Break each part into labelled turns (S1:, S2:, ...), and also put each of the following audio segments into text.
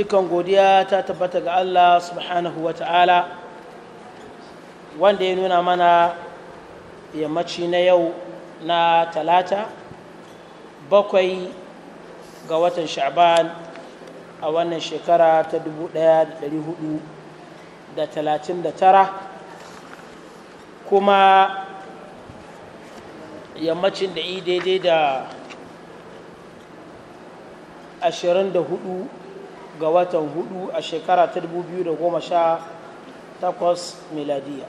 S1: dukan godiya ta tabbata ga Allah subhanahu wa ta'ala wanda ya nuna mana yammaci na yau na talata bakwai ga watan sha'ban a wannan shekara ta 1439 kuma yammacin da daidai da 24 ga watan hudu a shekara ta takwas miladiya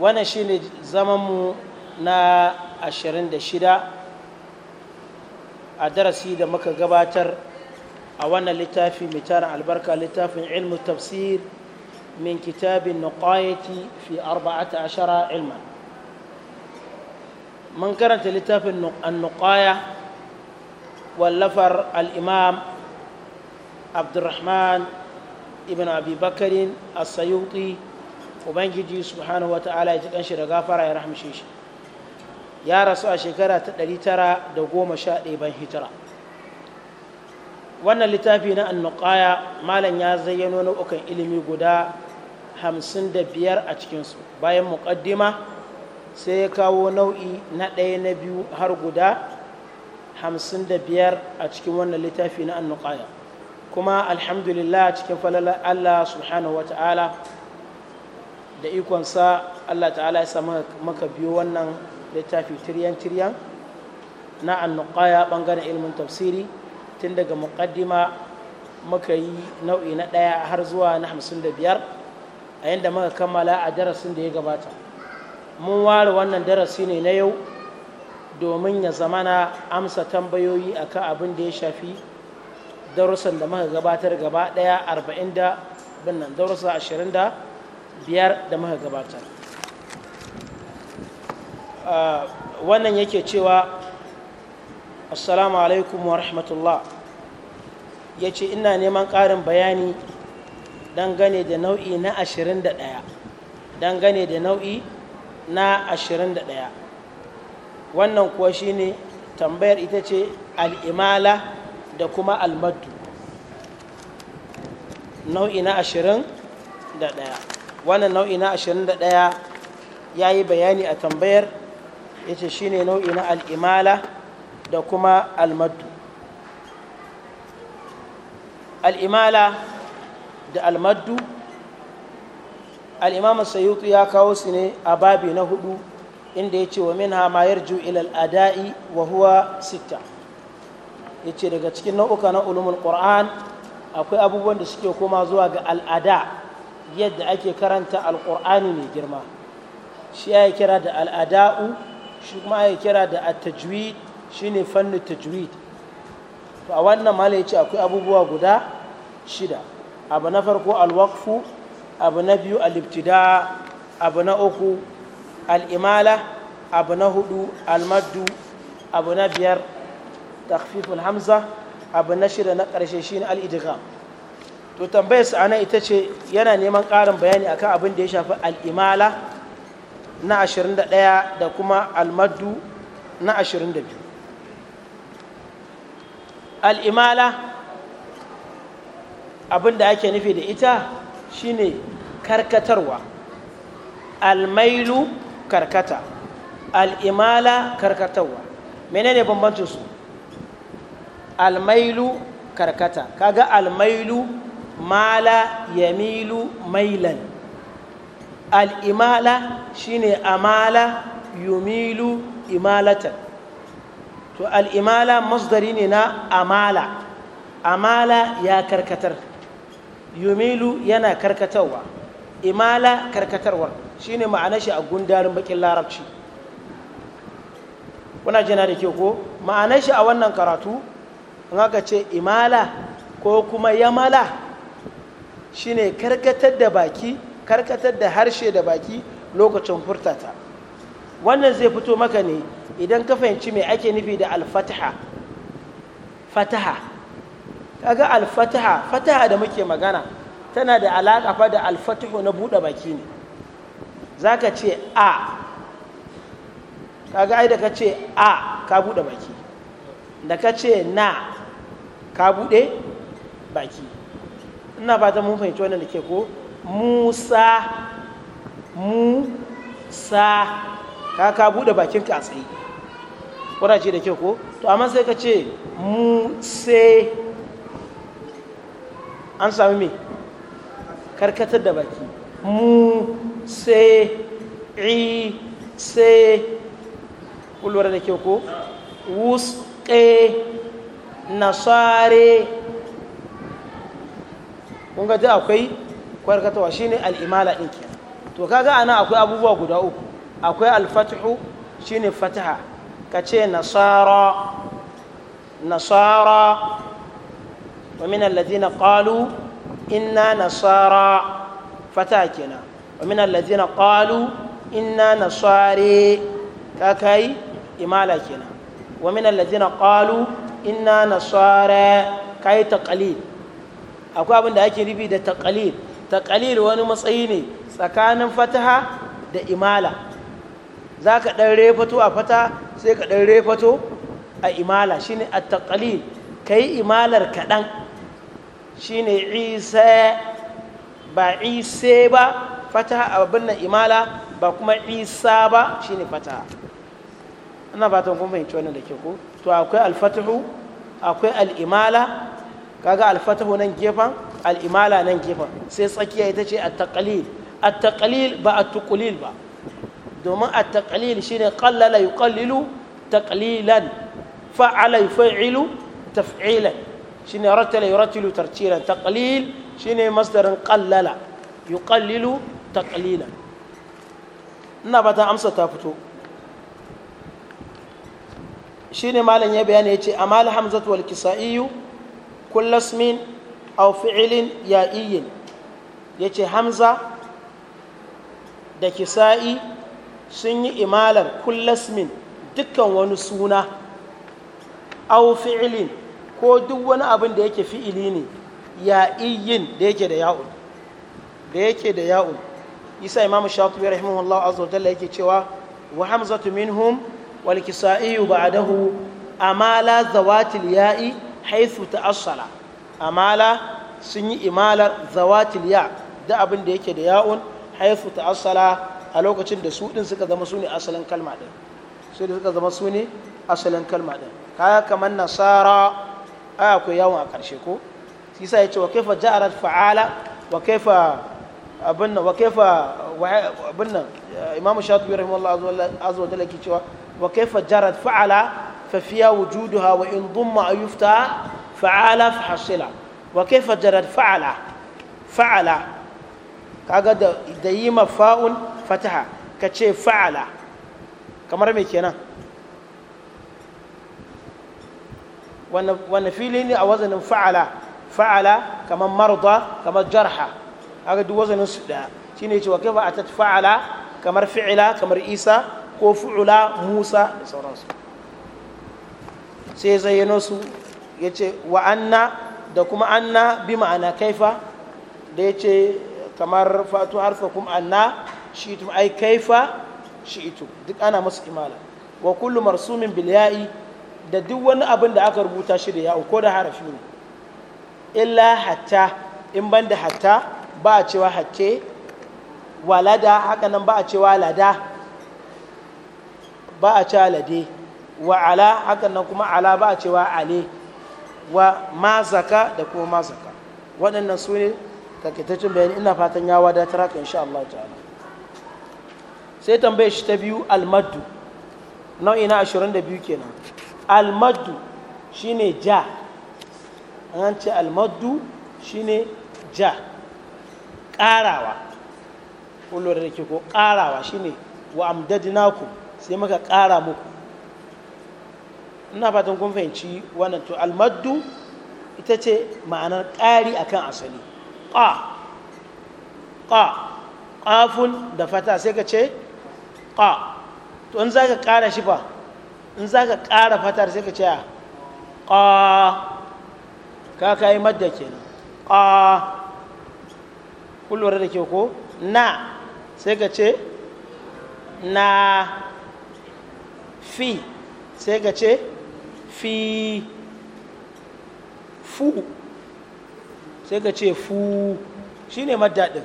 S1: wannan shi ne zamanmu na ashirin da shida a darasi da muka gabatar a wannan littafi mai albarka littafin ilmu tafsir min kitabin nuqayati fi 14 ilman mun karanta littafin annuqaya wallafar al'imam abdurrahman ibn abubakarin asayuti ubangiji subhanahu wa ta'ala ya ji kanshi da gafara ya rahamshe shi ya rasu a shekara ta ɗari tara da goma sha ɗaya ban hijira wannan littafi na annuqaya malam ya zayyano nau'ukan ilimi guda hamsin da biyar a cikinsu bayan muƙaddima sai ya kawo nau'i na ɗaya na biyu har guda hamsin da biyar a cikin wannan littafi na annuqaya kuma alhamdulillah cikin falala Allah subhanahu wa ta'ala da ikonsa Allah ta'ala ya sama maka biyo wannan littafi tiryan-tiryan na annuqaya bangaren ilmin tafsiri tun daga muqaddima muka yi nau'i na ɗaya har zuwa na hamsin da biyar a yadda muka kammala a darasin da ya gabata mun ware wannan darasi ne na yau domin ya zamana amsa tambayoyi a ka abin da ya shafi darussan da muka gabatar gaba daya arba'in da binnan darussa ashirin da biyar da muka gabatar ah, wannan yake cewa assalamu alaikum wa rahmatullah ya ce ina neman ƙarin bayani dangane da nau'i na ashirin da ɗaya dangane da nau'i na ashirin da ɗaya wannan kuwa shine tambayar ita ce al'imala da kuma almaddu nau'i na ashirin da ɗaya wannan nau'i na ashirin da ɗaya ya yi bayani a tambayar ya ce shine nau'i na al'imala da kuma almaddu al'imala da almaddu al’imama sayutu ya kawo su ne a babi na hudu inda ya ce wa min hamayar yarju ilal ada'i wa huwa sita ya ce daga cikin nau'uka na ulumul qur'an akwai abubuwan da suke koma zuwa ga al'ada yadda ake karanta alƙur'ani mai girma shi ya kira da al'ada'u shi kuma ya kira da at-tajwid shine fannin tajwid to a wannan mala yace akwai abubuwa guda shida abu na farko al abu na biyu al-ibtida abu na uku al'imala abu na hudu almaddu abu na biyar takfiful hamza abu na shida na ƙarshe shine al'idiga to tambayar su ana ita ce yana neman ƙarin bayani akan abin da ya shafi al'imala na 21 da kuma almaddu na 22 al'imala abin da ake nufi da ita shine karkatarwa almailu karkata al'imala karkatawa menene bambancin su almailu karkata kaga almailu mala yamilu mailan al'imala shine amala yumilu imalatan to al'imala masdari ne na amala amala ya karkatar yumilu yana karkatawa, imala karkatarwar Shi ne ma'ana shi a gundarin bakin larabci kuna jina da ke ko ma'ana shi a wannan karatu in aka ce imala ko kuma yamala Shi ne karkatar da baki karkatar da harshe da baki lokacin furtata wannan zai fito maka ne idan ka fahimci mai ake nufi da alfataha fataha kaga alfataha fataha da muke magana tana da alaƙa fa da alfatuhu na buɗe baki ne za ka ce a kaga ai da ka ce a ka buɗe baki da ka ce na ka buɗe baki ina fata mun fahimci wannan da ke ko musa musa ka ka buɗe bakin a tsaye ƙurace da ke ko to amma sai ka ce muse an sami me karkatar da baki
S2: mu
S1: Se, i Se, kulwar da ke ko wuske nasare kun ga akwai kwarkatawa shine al'imala ɗin ke to kaga ana akwai abubuwa guda uku akwai alfatihu shine fataha ka ce nasara nasara wa min alladhina qalu inna nasara fataha kenan wa min allazina qalu inna nasare ka kai imala kenan wa min allazina qalu inna nasara kai taqlid akwai abin da ake nufi da taqlid taqlid wani matsayi ne tsakanin fataha da imala za ka ɗan refato a fata sai ka ɗan refato a imala shine a taqlid kai imalar kaɗan shine isa ba isa ba fataha abin nan imala ba kuma isa ba shine fataha ina fatan kun fahimci wannan da ke ko to akwai alfatahu akwai al'imala kaga alfatahu nan gefen al'imala nan gefen sai tsakiya ita ce a taqlil a taqlil ba a tuƙulil ba domin at-taqlil shine qallala yuqallilu taqlilan fa'ala yuf'ilu taf'ilan shine rattala yurattilu tartilan taqlil shine masdarin qallala yuqallilu taqlilan ina ba ta amsa ta fito shine malam ya bayani yace amal hamzatu wal kisaiyu au fi'ilin ya iyin ya yace hamza da kisa'i sun yi imalar kullasmin min dukkan wani suna aw fi'ilin ko duk wani abin da yake fi'ili ne iyin da yake da ya'ul da yake da ya'ul yasa imam shatibi rahimahullah azza wa jalla yake cewa wa hamzatu minhum wal kisa'i ba'dahu amala zawatil ya'i haythu ta'assala amala sun yi imalar zawatil ya da abin da yake da ya'un haythu ta'assala a lokacin da su din suka zama su ne asalin kalma din su da suka zama su ne asalin kalma din kaya kamar nasara ai akwai yawon a karshe ko shi yasa ya ce wa kaifa ja'arat fa'ala wa kaifa abin nan wa kaifa abin nan imamu shatubi rahimahullah azza wa jalla ke cewa wa kaifa jarat fa'ala fa fiya wujuduha wa in dhumma ayufta fa'ala fa hasila wa kaifa jarat fa'ala fa'ala kaga da da yi mafa'un fataha ka ce fa'ala kamar me kenan wanne fili ne a wazanin fa'ala fa'ala kamar marda kamar jarha haka duk wazanin su daya shine cewa kai ba a fa'ala kamar fi'ila kamar isa ko fu'ula musa da sauransu sai zayyano su ya ce wa anna da kuma anna bi ma'ana kaifa da ya kamar fatu harfa kuma anna shi ito ai kaifa shi itu duk ana masu imala wa kullu marsumin bil da duk wani abin da aka rubuta shi da ya'u ko da harafi ne illa hatta in ban da hatta ba a cewa hakke walada haka nan ba a cewa lada ba a cewa lade wa ala haka nan kuma ala ba a cewa ale wa mazaka da kuma mazaka waɗannan su ne takaitaccen bayani ina fatan ya wadatar haka insha Allah ta'ala sai tambaye shi ta biyu almaddu nau'i na 22 kenan almaddu shine ja an ce almaddu shine ja ƙarawa kullum da ke ko ƙarawa shine wa amdadnakum sai maka ƙara muku ina fatan kun fahimci wannan to almaddu ita ce ma'anar ƙari akan asali ƙa ƙa ƙafun da fata sai ka ce ƙa to in za ka ƙara shi ba in za ka ƙara fatar sai ka ce ƙa ka kayi madda kenan ƙa kun lura da ke ko na sai ka ce na fi sai ka ce fi fu sai ka ce fu shine madda din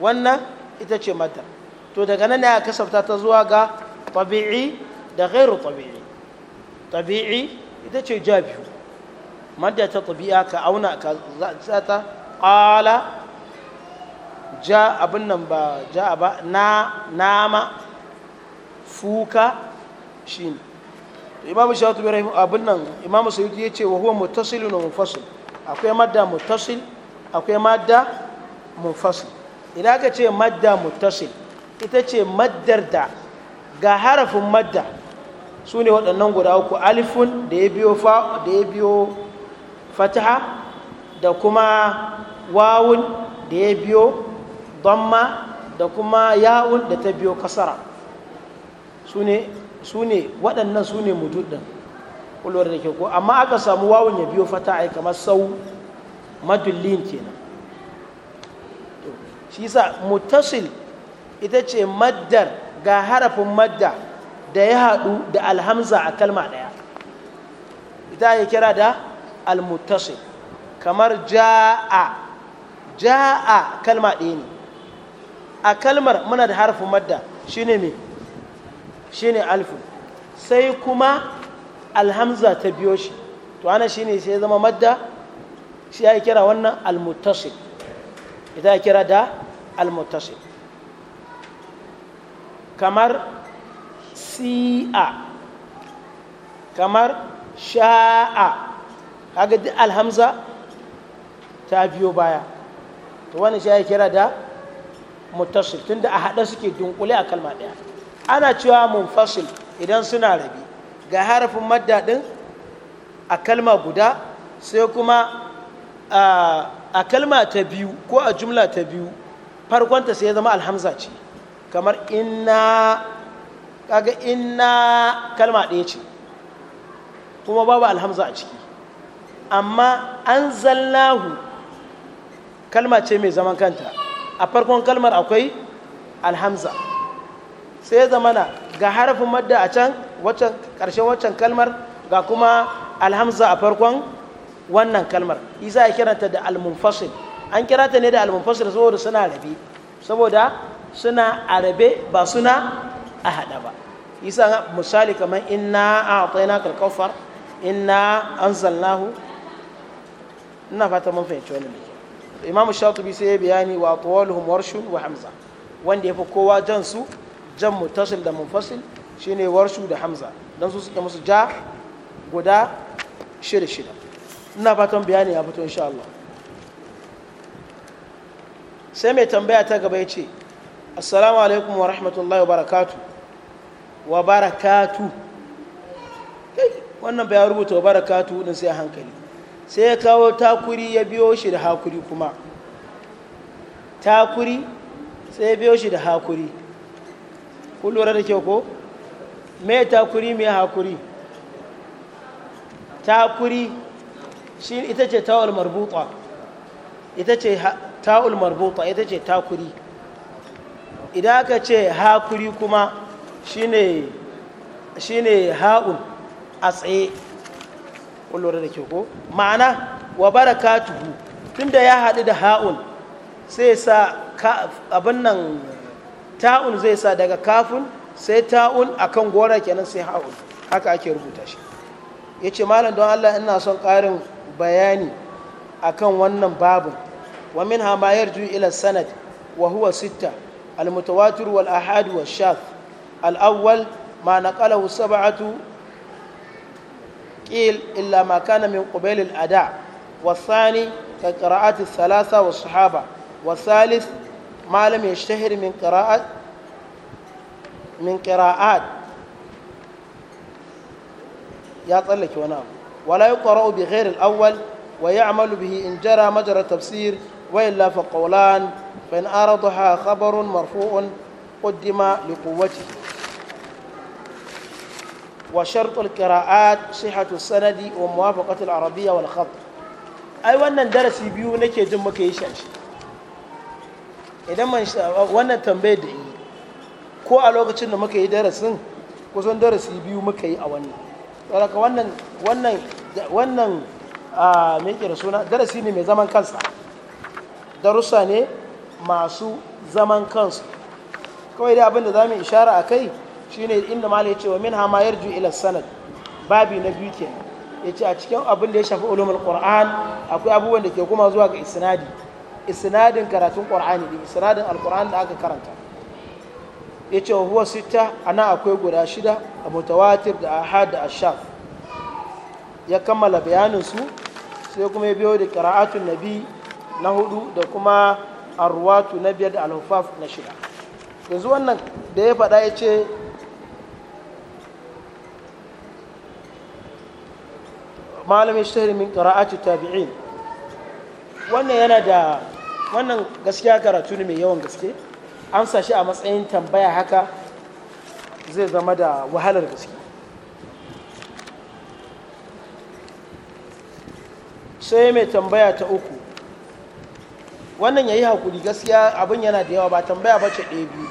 S1: wannan ita ce madda to daga nan ya kasafta ta zuwa ga tabi'i da gairu tabi'i tabi'i ita ce jabiu madda ta tabi'a ka auna ka za ta ƙala ja abin nan ba ja ba na nama fuka shine imam shatubi rahim abin nan imam sayyidi ya ce wa huwa muttasilun wa munfasil akwai madda muttasil akwai madda munfasil idan aka ce madda muttasil ita ce maddar da ga harafin madda su ne waɗannan guda uku alifun da ya biyo da ya biyo fataha da kuma wawun da ya biyo damma da kuma yawun da ta biyo kasara su ne waɗannan su ne mududdin ƙulwar da ke ko amma aka samu wawun ya biyo fata ai kamar sau madullin kenan shi sa mutasil ita ce maddar ga harafin madda da ya haɗu da alhamza a kalma ɗaya ita ya kira da almutasil kamar ja'a ja'a kalma ɗaya ne a kalmar muna da harfin madda shi ne mai shi ne alfu sai kuma alhamza ta biyo shi to ana shi ne sai zama madda shi ya kira wannan almuttasil ita ya kira da almuttasil kamar si'a kamar sha'a kaga duk alhamza ta biyo baya to wani shi ya kira da muttasil tunda a haɗe suke dunkule a kalma ɗaya ana cewa mun munfasil idan suna rabi ga harafin madda a kalma guda sai kuma a kalma ta biyu ko a jumla ta biyu farkonta sai ya zama alhamza ce kamar inna kaga inna kalma ɗaya ce kuma babu alhamza a ciki amma an zallahu kalma ce mai zaman kanta a farkon kalmar akwai alhamza sai ya zamana ga harafin madda a can ƙarshen waccan kalmar ga kuma alhamza a farkon wannan kalmar isa ya kiranta da almunfashin an kira ta ne da almunfashin saboda suna rabe saboda suna a rabe ba suna a haɗa ba isa misali kamar inna a tsayina kalkofar inna an zallahu ina fata mun fahimci wani mai imamu shatubi sai ya bayani wa tawaluhum warshun wa hamza wanda ya fi kowa jan su jan mutasil da munfasil shine warshu da hamza dan su suke musu ja guda shida shida ina fatan bayani ya fito insha Allah sai mai tambaya ta gaba ya ce assalamu alaikum wa rahmatullahi wa barakatu wa barakatu wannan bayan rubuta wa barakatu din sai a hankali sai ya kawo takuri ya biyo shi da hakuri kuma takuri sai ya biyo shi da hakuri kun lura da kyau ko me takuri me hakuri takuri shi ita ce ta'ul marbuta ita ce ta'ul marbuta ita ce takuri idan aka ce hakuri kuma shine shine ha'un a tsaye kullum da ko ma'ana wa barakatuhu tunda ya haɗu da ha'un sai sa abin nan ta'un zai sa daga kafin sai ta'un akan gora kenan sai ha'un haka ake rubuta shi ya ce malam don allah ina son ƙarin bayani akan wannan babin wa min hamayar ju ila sanad wa huwa sitta al mutawatir wal ahad wa shaf al awwal ma naqalahu sab'atu qil illa ma kana min qabil al ada wa thani ka qira'at al thalatha wa sahaba wa thalith ma lam yashtahir min qira'at min qira'at ya tsallake wani abu wala yi ƙwararru bi ghairi al'awwal wa yi amalu bihi in jara majara tafsir wa yi lafa ƙaunan fa in arato ha khabarun marfu'un ƙuddima li kuwaci وشرط القراءات صحة السند وموافقة العربية والخط أي وانا درس بيو نكي جمع كيشاش إذا ما وانا تنبيه دعي ko a lokacin da muka yi darasin kusan darasi biyu muka yi a wannan wannan wannan wannan suna darasi ne mai zaman kansa darussa ne masu zaman kansu kawai dai abin da za mu ishara a kai shine inda mala ya ce wa min hama yarju ila sanad babi na biyu ke ya ce a cikin abin da ya shafi ulumul qur'an akwai abubuwan da ke kuma zuwa ga isnadi isnadin karatun qur'ani da isnadin alqur'an da aka karanta ya ce huwa sita ana akwai guda shida a mutawatir da ahad da ashaf ya kammala bayanin su sai kuma ya biyo da na nabi na hudu da kuma arwatu na biyar da alhufaf na shida yanzu wannan da ya faɗa ya ce malam yashtahir min qira'ati tabi'in wannan yana da wannan gaskiya karatu ne mai yawan gaske amsa shi a matsayin tambaya haka zai zama da wahalar gaske sai mai tambaya ta uku wannan ya yi hakuri gaskiya abin yana da yawa ba tambaya ba ce ɗaya biyu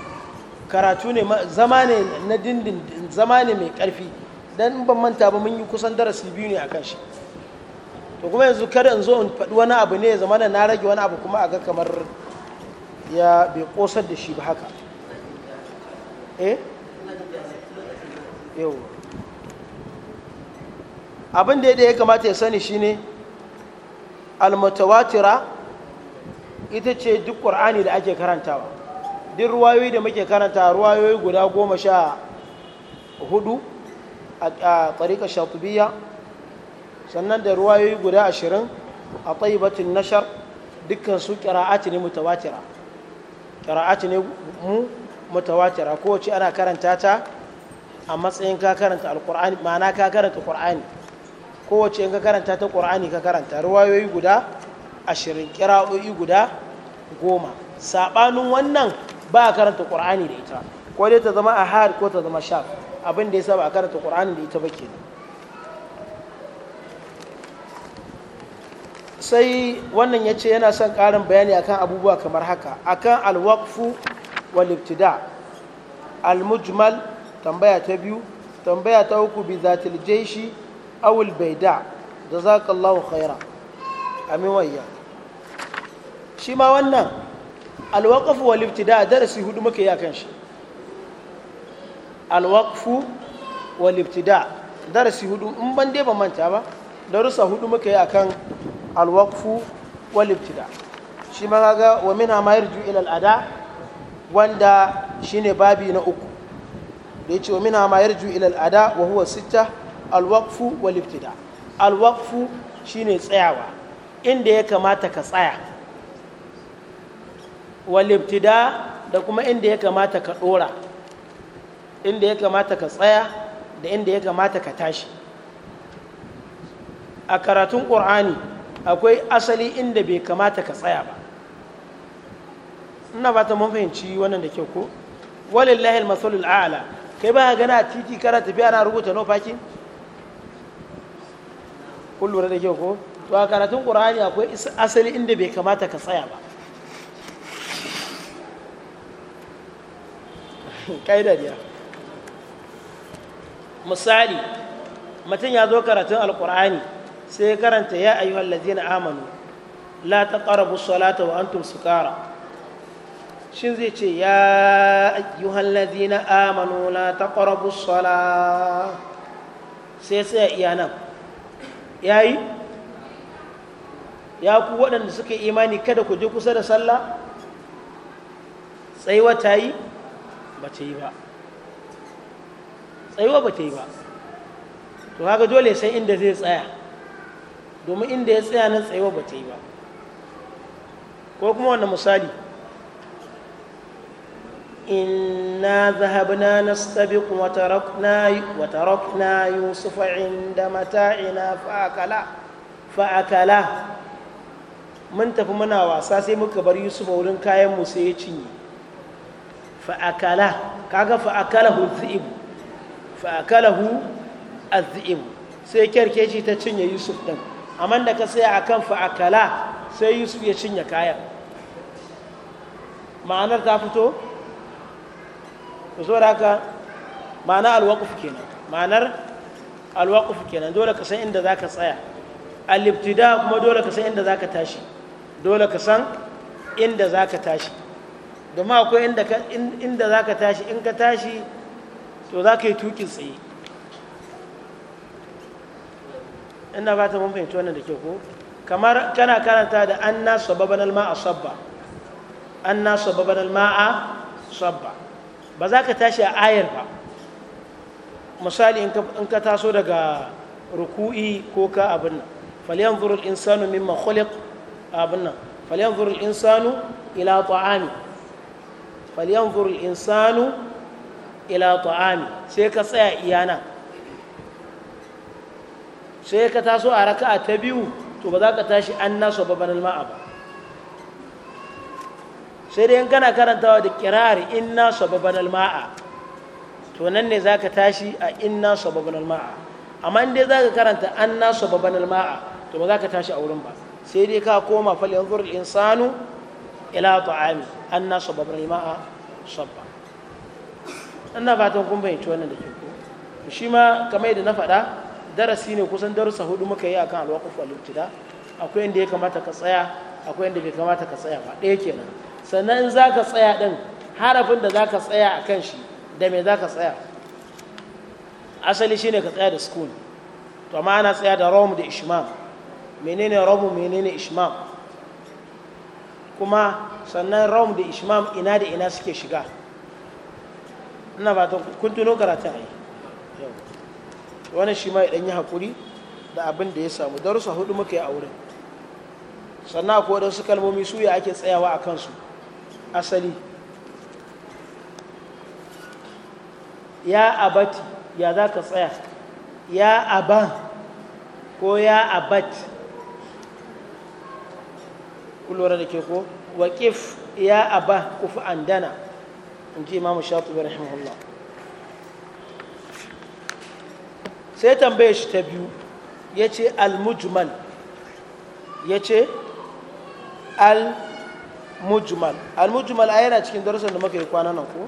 S1: karatu ne zama ne na dindin zama ne mai ƙarfi dan ban manta ba mun yi kusan darasi biyu ne a kan shi to kuma yanzu kada in zo in faɗi wani abu ne ya zama da na rage wani abu kuma a ga kamar ya bai kosar da shi ba haka eh yau abin da ya kamata ya sani shine almatawatira ita ce duk ƙur'ani da ake karantawa duk ruwayoyi da muke karanta ruwayoyi guda goma sha hudu a tariƙar shatubiya sannan da ruwayoyi guda ashirin a tsayibatin nashar dukkan su kira'ati ne mutawatira kira'ati ne mu mutawatira kowace ana karanta ta a matsayin ka karanta alƙur'ani ma'ana ka karanta ƙur'ani kowace in ka karanta ta ƙur'ani ka karanta ruwayoyi guda ashirin kira'o'i guda goma saɓanin wannan ba a karanta ƙur'ani da ita ko dai ta zama a ahad ko ta zama shaf abin da ya saba a karanta qur'ani da ita ba sai wannan ya ce yana son ƙarin bayani akan abubuwa kamar haka akan alwakfu wal ibtida almujmal tambaya ta biyu tambaya ta uku bi zatil jaishi da za ka lawo khaira amin wayya shi ma wannan alwakfu wal a darasi hudu muka yi a kan shi alwaqfu wal darasi hudu in ban dai ba manta ba darussa hudu muka yi akan alwaqfu wal ibtida shi ma ga wa mina ma yarju ila al'ada ada wanda shine babi na uku da yace wa mina ma yarju ila al'ada ada wa huwa sitta alwaqfu wal ibtida alwaqfu shine tsayawa inda ya kamata ka tsaya wal da kuma inda ya kamata ka dora inda ya kamata ka tsaya da inda ya kamata ka tashi a karatun ƙorani akwai asali inda bai kamata ka tsaya ba ina ba ta fahimci wannan da kyau ko walillahi al-masalul a'la kai ba gana titi kara tafiya na rubuta no fakin? kun lura da kyau ko to a karatun ƙorani akwai asali inda bai kamata ka tsaya ba ƙa'ida ne misali mutum ya zo karatun alkur'ani sai ya karanta ya ayyu allazina amanu la taqrabu salata wa antum sukara shin zai ce ya ayyu allazina amanu la taqrabu salata sai sai iya nan yayi ya ku waɗanda suka imani kada ku je kusa da sallah tsayuwa ta yi ba ta yi ba tsayuwa ba ta yi ba to haka dole sai inda zai tsaya domin inda ya tsaya nan tsayuwa ba ta yi ba ko kuma wannan misali inna zahabna nastabiqu wa tarakna wa tarakna yusufa inda mata'ina fa'akala fa'akala mun tafi muna wasa sai muka bar yusuf wurin kayan mu sai ya cinye fa'akala kaga fa'akala akala hudzibu fa'akalahu azim sai kerkeci ta cinye yusuf din amma da ka sai kan fa'akala sai yusuf ya cinye kayan ma'anar ta fito zo da haka ma'ana alwaqf kenan ma'anar alwaqf kenan dole ka san inda za ka tsaya al-ibtida kuma dole ka san inda za ka tashi dole ka san inda za ka tashi domin akwai inda za ka tashi in ka tashi to za ka yi tukin tsaye ina ba ta mun fahimci wannan da ke ko kamar kana karanta da an na sababan alma'a sabba an na sababan alma'a sabba ba za ka tashi a ayar ba misali in ka taso daga ruku'i ko ka abin nan falyan zurul insanu mimma khuliq abin nan falyan zurul insanu ila ta'ami falyan zurul insanu ila ta'ami sai ka tsaya iya nan sai ka taso a raka'a ta biyu to ba za ka tashi an naso ba banal ma'a ba sai dai kana karantawa da kirari inna sababan alma'a to nan ne za ka tashi a inna sababan alma'a amma in za ka karanta an anna sababan alma'a to ba za ka tashi a wurin ba sai dai ka koma fal yanzur insanu ila ta'ami anna sababan alma'a sabba ina fatan kun bayyanci wannan da ke ko shi ma kamar yadda na faɗa darasi ne kusan darussa hudu muka yi akan a al-ibtida akwai inda ya kamata ka tsaya akwai inda bai kamata ka tsaya ba ɗaya kenan sannan in zaka tsaya din harafin da zaka tsaya akan shi da me zaka tsaya asali shine ka tsaya da sukun to amma ana tsaya da rawm da ishmam menene rawm menene ishmam kuma sannan rawm da ishmam ina da ina suke shiga ina ba ta kuntuno karatu a yi wani shi ma idan ya haƙuri da abin da ya samu rusa hudu muka yi a wurin sannan akwai su kalmomi su ya ake tsayawa a kansu asali ya abati ya za ka tsaya ya aban ko ya abat ku da ke ko waƙif ya aba kufu andana in ji imamu shatubi rahimahullah sai tambaye shi ta biyu ya ce al-mujmal ya ce al-mujmal al-mujmal a yana cikin darussan da muka yi kwana nan ko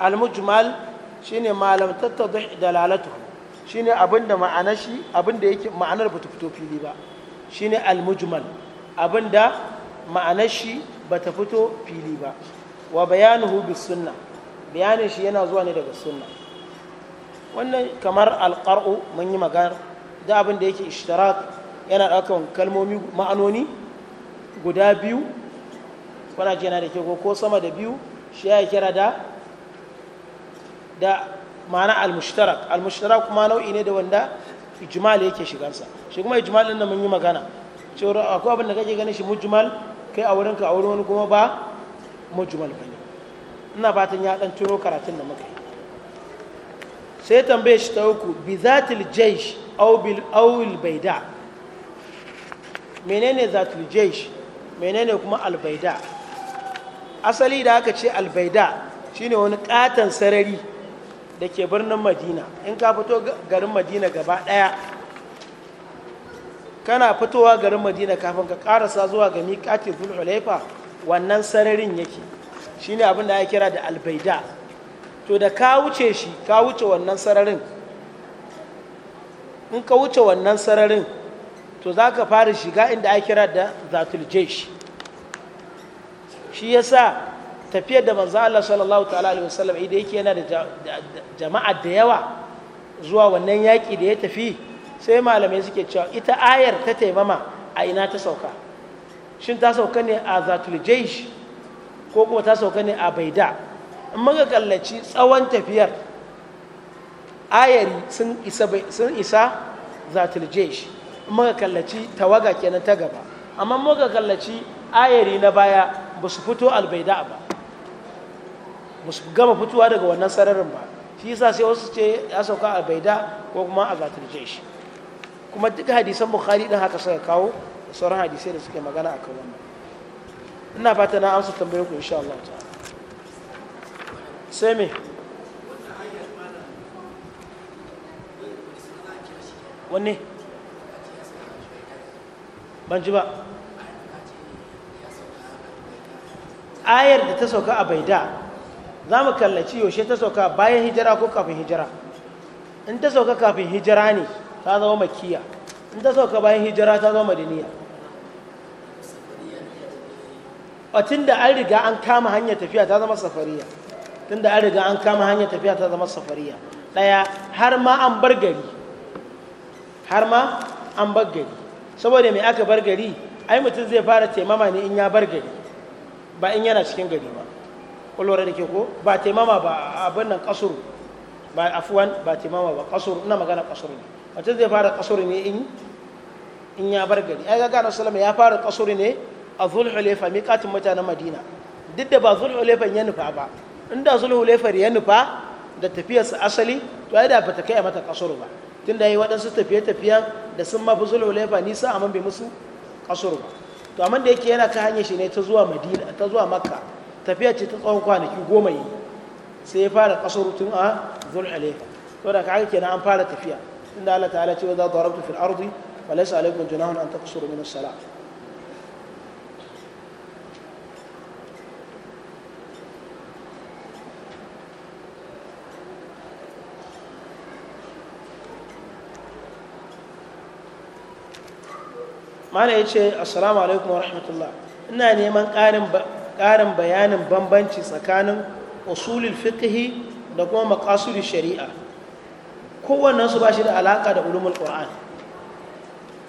S1: al-mujmal shine malam tattadih dalalatu shine abinda ma'ana shi abinda yake ma'anar ba ta fito fili ba shine al-mujmal abinda ma'anar shi ba ta fito fili ba wa bayanuhu bis sunna bayanin shi yana zuwa ne daga sunna wannan kamar alqar'u mun yi magana da abin da yake ishtirak yana daukan kalmomi ma'anoni guda biyu kuna ce yana da ke ko sama da biyu shi ya kira da da ma'ana al-mushtarak al-mushtarak kuma nau'i ne da wanda ijmal yake shigansa shi kuma ijmal din da mun yi magana cewa akwai abin da kake ganin shi mujmal kai a wurinka a wurin wani kuma ba mujmal ba ne ina fatan ya dan turo karatun da muka yi sai tambaye shi ta uku bi zatil jaysh aw bil awil bayda menene zatil jaysh menene kuma albaida asali da aka ce albaida shine wani katon sarari da ke birnin madina in ka fito garin madina gaba daya kana fitowa garin madina kafin ka karasa zuwa ga miƙatin zulhulaifa wannan sararin yake shine abin da ya kira da albaida to da ka wuce shi ka wuce wannan sararin in ka wuce wannan sararin to za ka fara shiga inda ya kira da zatul shi shi yasa tafiyar da manzo Allah sallallahu ta'ala alaihi wasallam idan yake yana da jama'a da yawa zuwa wannan yaƙi da ya tafi sai malamai suke cewa ita ayar ta taimama a ina ta sauka shin ta sauka ne a zatul jaish ko kuma ta sauka ne a baida in muka kallaci tsawon tafiyar ayari sun isa sun isa zatul jaish in muka kallaci tawaga kenan ta gaba amma muka kallaci ayari na baya ba su fito albaida ba ba su gama fitowa daga wannan sararin ba shi yasa sai wasu ce ya sauka albaida ko kuma a zatul jaish kuma duka hadisan bukhari din haka suka kawo da sauran hadisai da suke magana akan wannan ina fata na amsa tambayar ku insha Allah sai me wanne ban ji ba ayar da ta sauka a baida za mu kallaci yaushe ta sauka bayan hijira ko kafin hijira in ta sauka kafin hijira ne ta zama makiya in ta sauka bayan hijira ta zo madiniya a tun da an riga an kama hanyar tafiya ta zama safariya tun da an riga an kama hanyar tafiya ta zama safariya ɗaya har ma an bar gari har ma an bar gari saboda mai aka bar gari ai mutum zai fara taimama ne in ya bar gari ba in yana cikin gari ba kulwara da ke ko ba taimama ba abin nan kasuru ba afuwan ba taimama ba kasuru ina magana kasuru ne wata zai fara kasuri ne in ya bar gari ai ga salama ya fara kasuri ne a zulhulefa miƙatin mutanen madina duk da ba zulhulefa ya nufa ba inda zulhulefa ya nufa da tafiyarsa asali to ai da bata kai mata kasuri ba Tunda da yi waɗansu tafiye tafiya da sun mafi zulhulefa nisa amma bai musu kasuri ba to amma da yake yana ka hanyar shi ne ta zuwa madina ta zuwa makka tafiya ce ta tsawon kwanaki goma yi sai ya fara kasuri tun a zulhulefa to da ka haka kenan an fara tafiya إن الله تعالى إذا ضربت في الأرض فليس عليكم جناح أن تقصروا من السلاة معنى إيشه السلام عليكم ورحمة الله إن أنا يمن قارن قارن بيان بمبنتي سكان أصول الفقه دقوا مقاصد الشريعة kowannen su ba shi da alaka da ulumul qur'an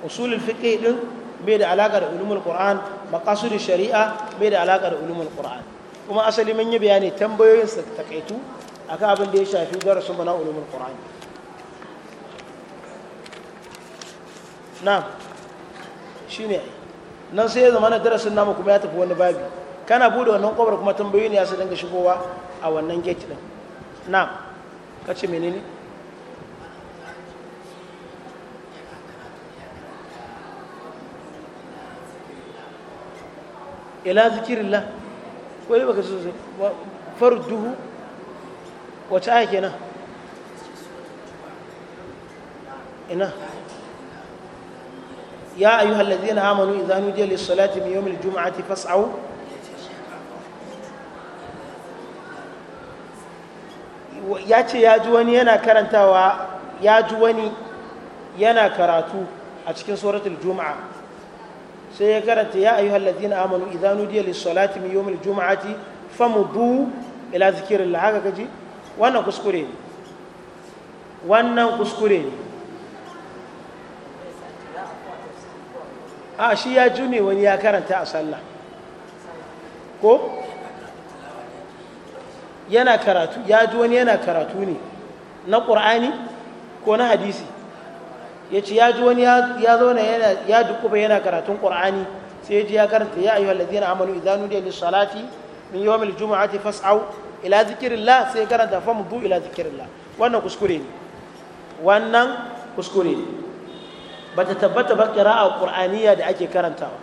S1: usulul fiƙe din bai da alaka da ulumul qur'an maqasidish shari'a bai da alaka da ulumul qur'an kuma asali mun yi bayani tambayoyin su a akan abin da ya shafi su mana ulumul qur'an na shine nan sai ya zama na darasin namu kuma ya tafi wani babi kana bude wannan kobar kuma tambayoyi ne ya su dinga shigowa a wannan gate din na kace menene ila zikirillah ko ne baka farduhu wace aya kenan ina يا الذين نودي من يوم فاسعوا ce ya yana karantawa ya ji wani yana karatu a cikin suratul juma'a sai ya karanta ya ayyuhal ladina amanu idza nudiya lis salati min yawmil jum'ati famudu ila zikrillah haka kaji wannan kuskure ne wannan kuskure ne a shi ya june wani ya karanta a sallah ko yana karatu ya ji wani yana karatu ne na ƙur'ani ko na hadisi ya ce ya ji wani ya zauna ya dukuba yana karatun ƙur'ani sai ya ji ya karanta ya ayyuhal ladina amanu idza nudiya lis salati min yawmil jumu'ati fas'au ila zikrillah sai ya karanta famdu ila zikrillah wannan kuskure ne wannan kuskure ne ta tabbata ba qira'a qur'aniyya da ake karantawa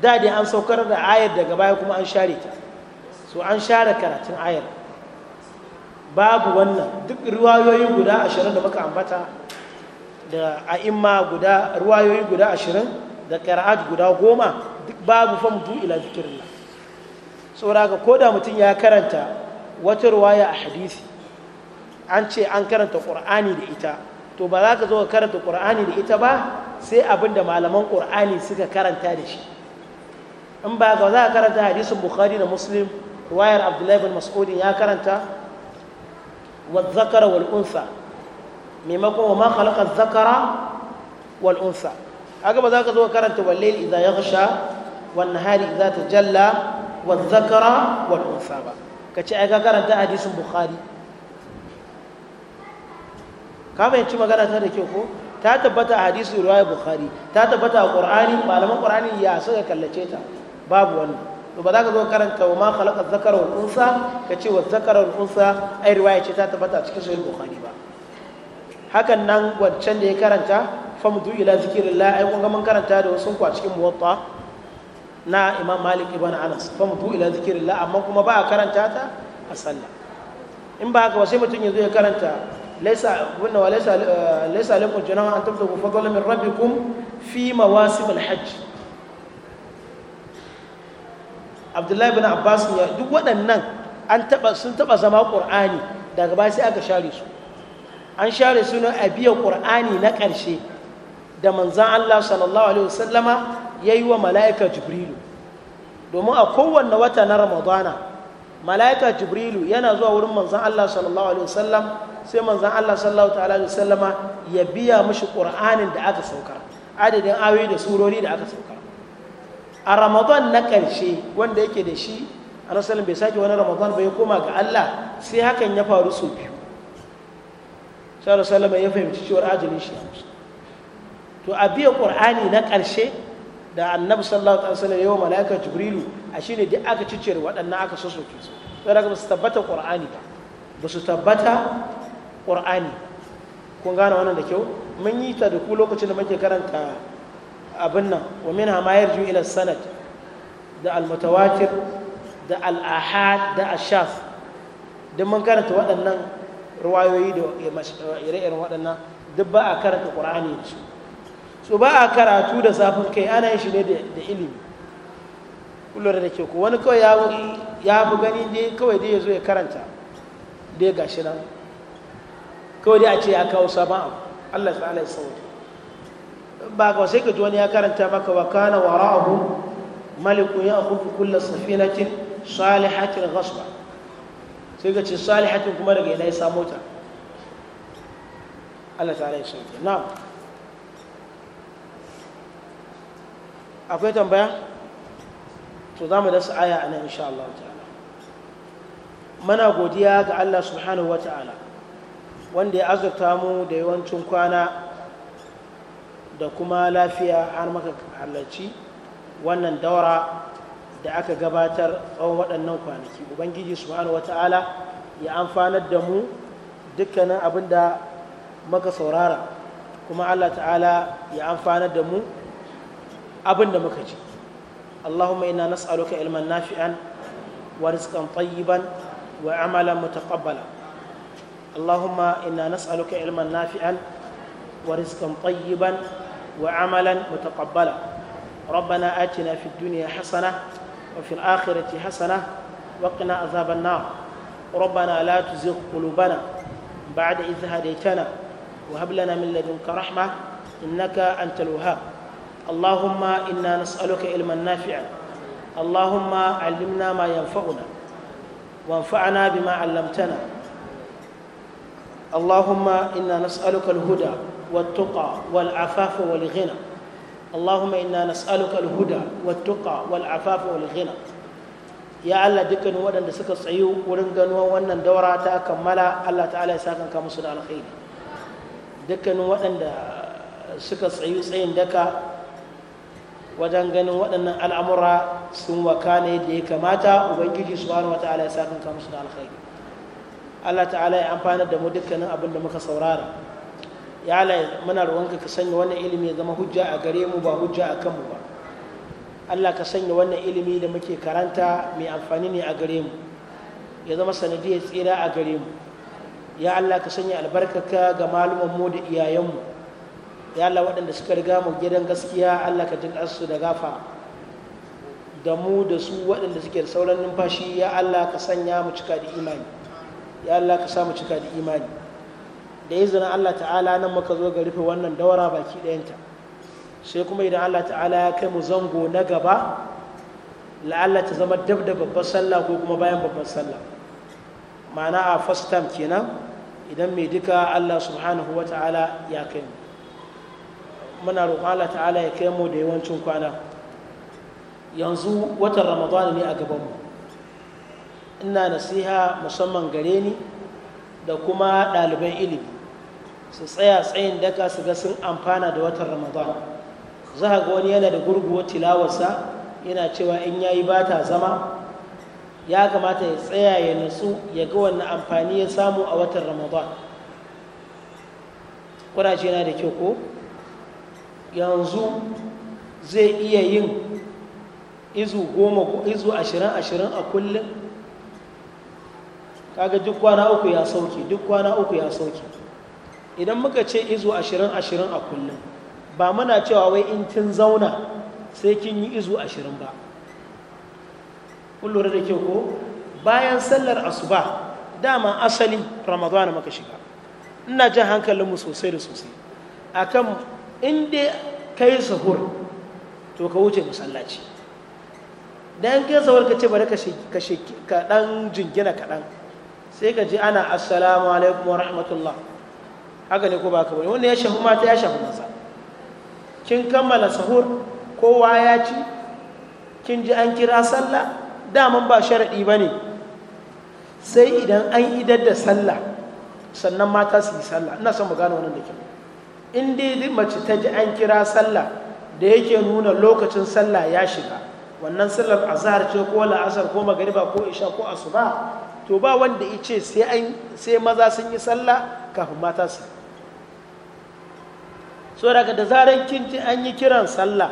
S1: da dai an saukar da ayar daga baya kuma an share ta so an share karatun ayar babu wannan duk riwayoyi guda ashirin da muka ambata da a'imma guda ruwayoyi guda ashirin da ƙara'at guda goma duk babu fa mutu ila zikirin saboda ko da mutum ya karanta wata ruwaya a hadisi an ce an karanta ƙur'ani da ita to ba za ka zo ka karanta Kur'ani da ita ba sai abin da malaman ƙur'ani suka karanta da shi in ba ga za ka karanta hadisin bukhari da muslim ruwayar abdullahi bin mas'udin ya karanta wa zakara wal unsa maimakon wa ma khalaqa zakara wal unsa kaga ba za ka zo karanta wal layl idza yaghsha wan nahari idza tajalla wal zakara wal unsa ba kace ai ka karanta hadisin bukhari ka fahimci magana ta da kyau ko ta tabbata a hadisi riwaya bukhari ta tabbata a qur'ani malaman qur'ani ya suka kallace ta babu wannan to ba za ka zo karanta wa ma khalaqa zakara wal unsa kace wa zakara wal unsa ai riwaya ce ta tabbata cikin sahih bukhari ba hakan nan wancan da ya karanta famdu ila zikirillah ai kun ga mun karanta da wasu kwa cikin muwatta na imam malik ibn anas famdu ila zikirillah amma kuma ba a karanta ta a sallah in ba haka sai mutum ya ya karanta laisa wannan wa laisa eh, laisa alaikum junaha an tabtagu fadlan min rabbikum fi mawasim alhajj abdullahi ibn abbas ya duk waɗannan an taba sun taba zama qur'ani daga ba sai aka share su an share sunan a biya ƙur'ani na ƙarshe da manzan Allah sallallahu alaihi wasallama ya yi wa mala'ika jibrilu domin a kowanne wata na ramadana mala'ika jibrilu yana zuwa wurin manzan Allah sallallahu alaihi wasallam sai manzan Allah sallallahu alaihi wasallama ya biya mashi ƙur'anin da aka saukar adadin ayoyi da surori da aka saukar a ramadan na ƙarshe wanda yake da shi a bai sake wani ramadan bai koma ga Allah sai hakan ya faru sau biyu sai ya fahimci cewar ajalin shi to a biya ƙur'ani na ƙarshe da annabi sallallahu alaihi wasallam yawa malaika jibrilu a shine da aka cicire waɗannan aka sosoke su sai daga ba su tabbata ƙur'ani ba ba su tabbata qur'ani kun gane wannan da kyau mun yi ta da ku lokacin da muke karanta abin nan wa min ma yarju ila sanad da al-mutawatir da al-ahad da ashaf. shaz duk mun karanta waɗannan ruwayoyi da ire-iren waɗannan duk ba a karanta ƙura'ani da su su ba a karatu da zafin kai ana yin shi ne da ilimi kullum da ke ku wani kawai ya fi gani ne kawai dai ya zo ya karanta dai ga shi nan kawai dai a ce ya kawo sabon abu allah ta alai ya ba kawai sai ka ji wani ya karanta maka wa kana wara'ahu malikun ya kufi kullum safinatin salihatin gasbar sai ka ce salihatin kuma daga ina ya Allah ta Allah ta'ala ya akwai tambaya to za mu dasa aya a nan insha Allah ta'ala mana godiya ga Allah subhanahu wa ta'ala wanda ya azurta mu da yawancin kwana da kuma lafiya har maka halarci wannan daura da aka gabatar tsawon waɗannan kwanaki ubangiji subhanahu wata'ala ya amfanar da mu dukkanin abin da muka saurara kuma allah ta'ala ya amfanar da mu abin da muka ji allahumma ina nas'aluka ilman nafi'an wa rizqan tayyiban wa amalan mutaqabbala allahumma ina nas'aluka ilman nafi'an wa rizqan tayyiban wa amalan mutaqabbala ربنا آتنا في الدنيا حسنه وفي الآخرة حسنة وقنا عذاب النار ربنا لا تزغ قلوبنا بعد إذ هديتنا وهب لنا من لدنك رحمة إنك أنت الوهاب اللهم إنا نسألك علما نافعا اللهم علمنا ما ينفعنا وانفعنا بما علمتنا اللهم إنا نسألك الهدى والتقى والعفاف والغنى اللهم إنا نسألك الهدى والتقى والعفاف والغنى ya Allah dukkanin waɗanda suka tsayu wurin ganuwan wannan daura ta kammala Allah ta'ala ya saka ka musu da alkhairi dukkanin waɗanda suka tsayu daka wajen ganin waɗannan al'amura sun wakana yadda ya kamata ubangiji subhanahu wa ta'ala ya saka ka musu da alkhairi Allah da mu dukkanin abin da muka saurara ya muna ruwanka ka sanya wannan ilimi ya zama hujja a gare mu ba hujja a kanmu ba Allah ka sanya wannan ilimi da muke karanta mai amfani ne a gare mu ya zama sanadiyar tsira a gare mu ya Allah ka sanya albarkaka ga maluman mu da iyayenmu ya Allah waɗanda suka riga mu gidan gaskiya Allah ka su da gafa da mu da su waɗanda suke da sauran numfashi ya Allah ka sanya mu cika da imani ya Allah ka sa mu cika da imani da izinin Allah ta'ala nan muka zo ga rufe wannan daura baki ɗayanta sai kuma idan Allah ta'ala ya kai mu zango na gaba la'alla ta zama dab da babbar sallah ko kuma bayan babbar sallah ma'ana a first time kenan idan mai duka Allah subhanahu wa ta'ala ya kai mu muna roƙon Allah ta'ala ya kai mu da yawancin kwana yanzu watan ramadana ne a gabanmu ina nasiha musamman gare ni da kuma ɗaliban ilimi su tsaya tsayin daka su ga sun amfana da watan ramadan za ga wani yana da gurguwa tilawarsa yana cewa in ya yi ba ta zama ya kamata ya tsaya ya nasu ya ga wani amfani ya samu a watan ramadan kuraje na da kyau ko yanzu zai iya yin izu goma izu ashirin ashirin a kullum kaga duk kwana uku ya sauki duk kwana uku ya sauki. idan muka ce izu ashirin ashirin a kullum ba muna cewa wai in kin zauna sai kin yi izu ashirin ba Kullum da ke ko bayan sallar asuba dama asali ramadana muka shiga ina jan hankalinmu sosai da sosai A akan in dai yi sahur to ka wuce masallaci dan kai sahur ka ce bari ka ka dan jingina kaɗan sai ka ji ana assalamu alaikum wa rahmatullah haka ne ko ba ka bane wanda ya shafi mata ya shafi maza kin kammala sahur kowa ya ci kin ji an kira sallah daman ba sharaɗi ba ne sai idan an idar da sallah sannan mata su yi sallah ina son mu gane wannan da kyau in dai mace ta ji an kira sallah da yake nuna lokacin sallah ya shiga wannan sallar azhar ce ko la'asar ko magariba ko isha ko asuba to ba wanda ya ce sai maza sun yi sallah kafin mata su so daga da zarar kin ci an yi kiran sallah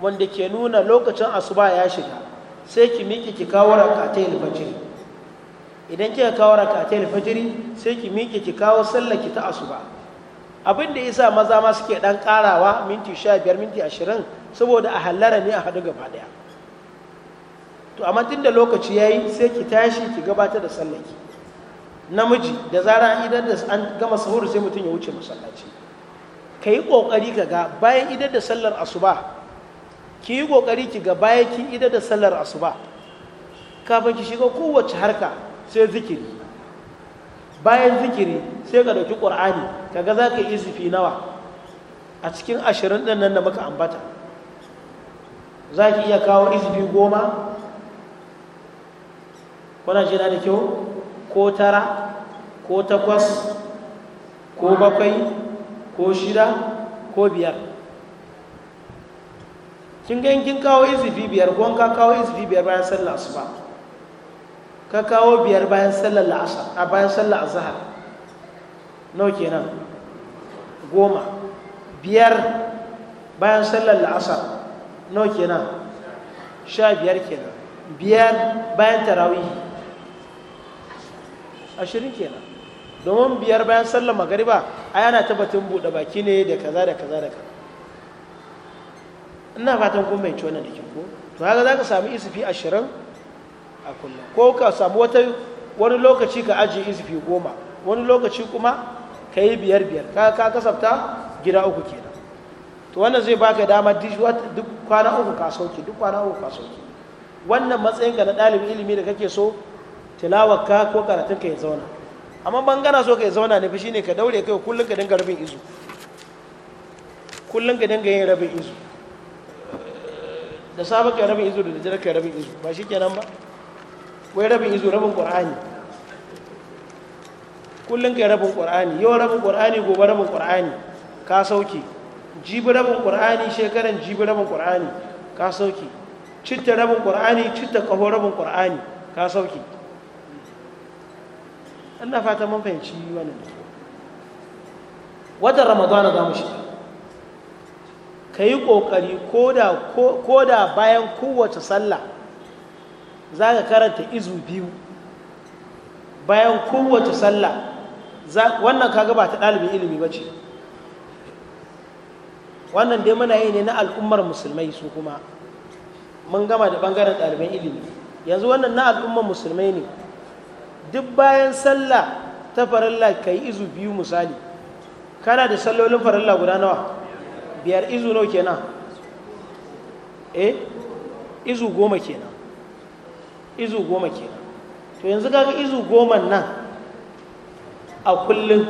S1: wanda ke nuna lokacin asuba ya shiga sai ki miƙe ki kawo rakatai alfajiri idan kika kawo rakatai alfajiri sai ki miƙe ki kawo sallah ki ta asuba abin da yasa maza ma suke dan karawa minti 15 minti 20 saboda a hallara ne a hadu gaba daya to amma da lokaci yayi sai ki tashi ki gabatar da sallah ki namiji da zara idan da an gama sahur sai mutum ya wuce masallaci ka yi ƙoƙari ka ga bayan idar da sallar asuba ki yi ƙoƙari ki ga bayan ki idar da sallar asuba kafin ki shiga kowace harka sai zikiri bayan zikiri sai ka ɗauki ƙur'ani ka ga za ka yi zufi nawa a cikin ashirin ɗin nan da muka ambata za ki iya kawo izifi goma kuna jina da kyau ko tara ko takwas ko bakwai ko shida ko biyar kin ga kin kawo izifi biyar ko ka kawo izifi biyar bayan sallar asuba ka kawo biyar bayan sallar la'asar a bayan sallar azhar nawa kenan goma biyar bayan sallar la'asar nawa kenan sha biyar kenan biyar bayan tarawih ashirin kenan domin biyar bayan sallar magariba ai ana tabbatin buɗe baki ne da kaza da kaza da kaza ina fatan kun bai wannan da ko to haka za ka sami isufi ashirin a kullum ko ka samu wata wani lokaci ka ajiye isufi goma wani lokaci kuma ka yi biyar biyar ka ka kasafta gida uku kenan to wannan zai baka dama duk kwana uku ka sauke duk kwana uku ka sauke wannan matsayin ga na ɗalibin ilimi da kake so tilawar ka ko karatun ka ya zauna amma ban gana so ka yi zauna ne shine ka daure kai kullum ka dinga rabin izu kullum ka dinga yin rabin izu da sabon ka rabin izu da daddare ka rabin izu ba shi kenan ba wai rabin izu rabin ƙwar'ani kullum ka rabin ƙwar'ani yau rabin ƙwar'ani gobe rabin ƙwar'ani ka sauke jibi rabin ƙwar'ani shekaran jibi rabin ƙwar'ani ka sauke citta rabin ƙwar'ani citta ƙaho rabin qur'ani ka sauke ina fata mun fahimci wannan Wata ramadana za mu shiga ka yi ƙoƙari ko da bayan kowace sallah za ka karanta izu biyu bayan kowace sallah wannan kaga ba ta ɗalibin ilimi ba ce wannan dai muna yi ne na al'ummar musulmai su kuma mun gama da ɓangaren ɗalibin ilimi yanzu wannan na al'ummar musulmai ne duk bayan sallah ta farilla ka yi izu biyu misali kana da sallolin farilla guda nawa biyar izu nawa kenan eh izu goma kenan izu goma kenan to yanzu kaga izu goma nan a kullum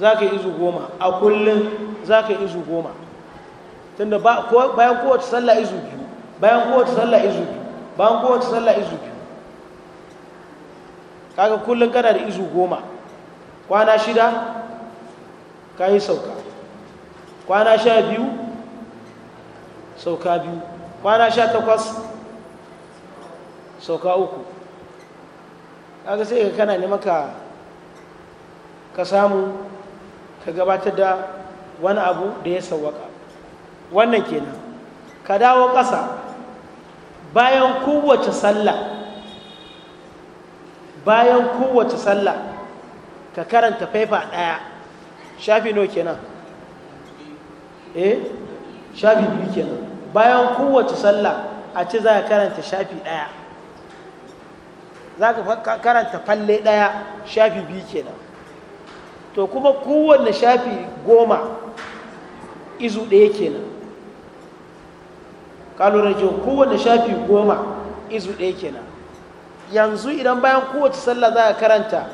S1: za ka yi izu goma a kullum za ka yi izu goma tunda bayan kowace sallah izu biyu bayan kowace sallah izu biyu bayan kowace sallah izu biyu kaga kullum kana da izu goma kwana shida ka yi sauka kwana sha biyu sauka biyu kwana sha takwas sauka uku kaga sai ka kana neman ka ka samu ka gabatar da wani abu da ya sauwaka wannan kenan ka dawo ƙasa bayan kowace sallah bayan kowace sallah ka karanta faifa ɗaya shafi no kenan eh shafi biyu kenan bayan kowace sallah a ce za ka karanta shafi ɗaya za ka karanta falle ɗaya shafi biyu kenan to kuma kowanne shafi goma izu ɗaya kenan ka kowane kowanne shafi goma izu ɗaya kenan yanzu idan bayan kowace sallah za a karanta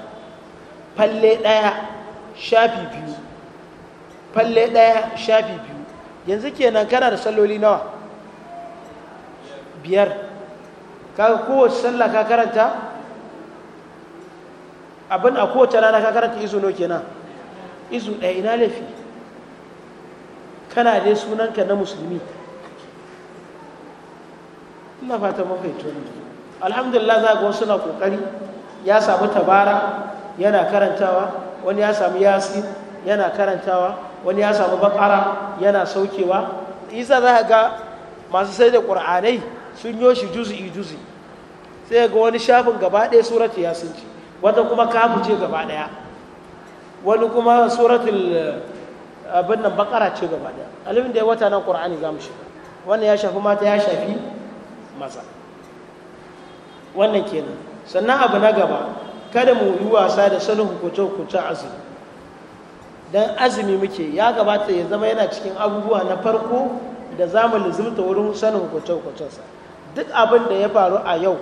S1: falle ɗaya shafi biyu falle ɗaya shafi biyu yanzu kenan kana da salloli nawa biyar kaga kowace sallah ka karanta abin a kowace rana ka karanta izu no kenan izu ɗaya ina laifi kana dai sunanka na musulmi ina fata mafaito ne alhamdulillah za ga wasu na kokari ya samu tabara yana karantawa wani ya samu yasi yana karantawa wani ya samu bakara yana saukewa isa za ga masu sai da ƙur'anai sun yoshi juzi juzi sai ga wani shafin gaba ɗaya suratu sun ci wata kuma kamu ce gaba ɗaya wani kuma suratul eh, abin nan bakara ce gaba ɗaya alimin da ya wata nan ƙur'ani za mu shiga wannan ya shafi mata ya shafi maza wannan kenan sannan abu na gaba kada mu yi wasa da sanin hukuce-hukuce azumi don azumi muke ya gabata ya zama yana cikin abubuwa na farko da za mu lizimta wurin sanin hukuce-hukucensa duk abin da ya faru a yau